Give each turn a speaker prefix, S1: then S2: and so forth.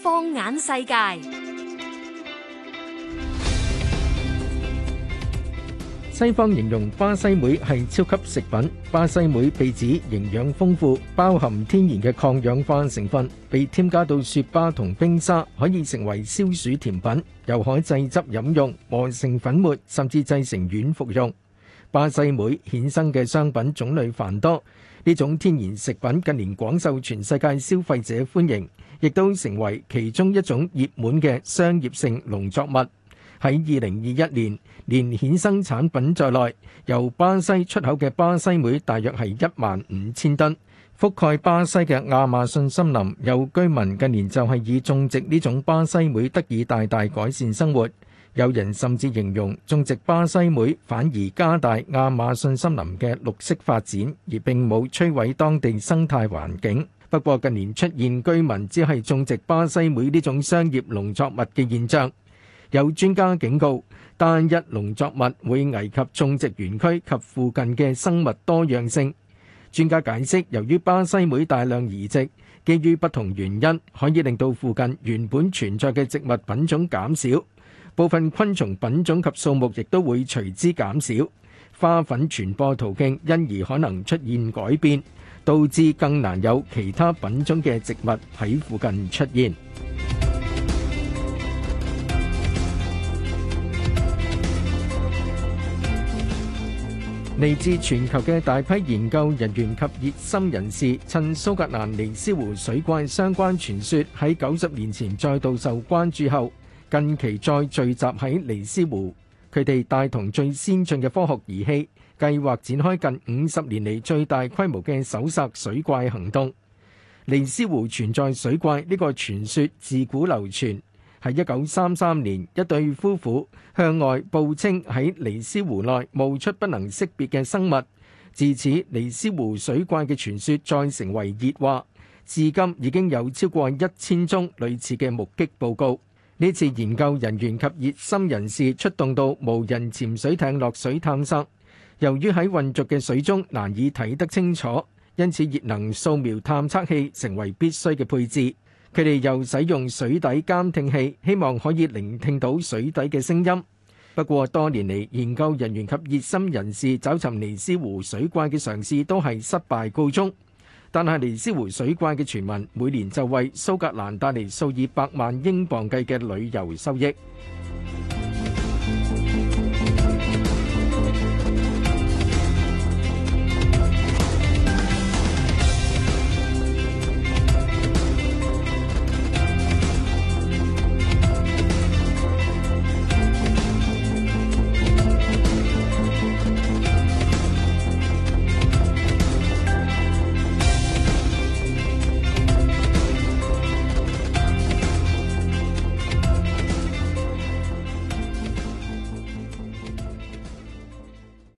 S1: 放眼世界，西方形容巴西莓係超級食品。巴西莓被指營養豐富，包含天然嘅抗氧化成分，被添加到雪芭同冰沙，可以成為消暑甜品，又可製汁飲用，磨成粉末，甚至製成軟服用。巴西莓衍生嘅商品種類繁多，呢種天然食品近年廣受全世界消費者歡迎，亦都成為其中一種熱門嘅商業性農作物。喺二零二一年，連衍生產品在內，由巴西出口嘅巴西莓大約係一萬五千噸，覆蓋巴西嘅亞馬遜森林，有居民近年就係以種植呢種巴西莓得以大大改善生活。有人甚至形容種植巴西莓反而加大亞馬遜森林嘅綠色發展，而並冇摧毀當地生態環境。不過近年出現居民只係種植巴西莓呢種商業農作物嘅現象，有專家警告單一農作物會危及種植園區及附近嘅生物多樣性。專家解釋，由於巴西莓大量移植，基於不同原因，可以令到附近原本存在嘅植物品種減少。部分昆蟲品種及數目亦都會隨之減少，花粉傳播途徑因而可能出現改變，導致更難有其他品種嘅植物喺附近出現。嚟自全球嘅大批研究人員及熱心人士，趁蘇格蘭尼斯湖水怪相關傳說喺九十年前再度受關注後，近期再聚集喺尼斯湖，佢哋帶同最先進嘅科學儀器，計劃展開近五十年嚟最大規模嘅搜殺水怪行動。尼斯湖存在水怪呢個傳說自古流傳，喺一九三三年一對夫婦向外報稱喺尼斯湖內冒出不能識別嘅生物，自此尼斯湖水怪嘅傳說再成為熱話，至今已經有超過一千宗類似嘅目擊報告。呢次研究人員及熱心人士出動到無人潛水艇落水探測，由於喺渾濁嘅水中難以睇得清楚，因此熱能掃描探測器成為必須嘅配置。佢哋又使用水底監聽器，希望可以聆聽到水底嘅聲音。不過多年嚟，研究人員及熱心人士找尋尼斯湖水怪嘅嘗試都係失敗告終。但係尼斯湖水怪嘅傳聞，每年就為蘇格蘭帶嚟數以百萬英鎊計嘅旅遊收益。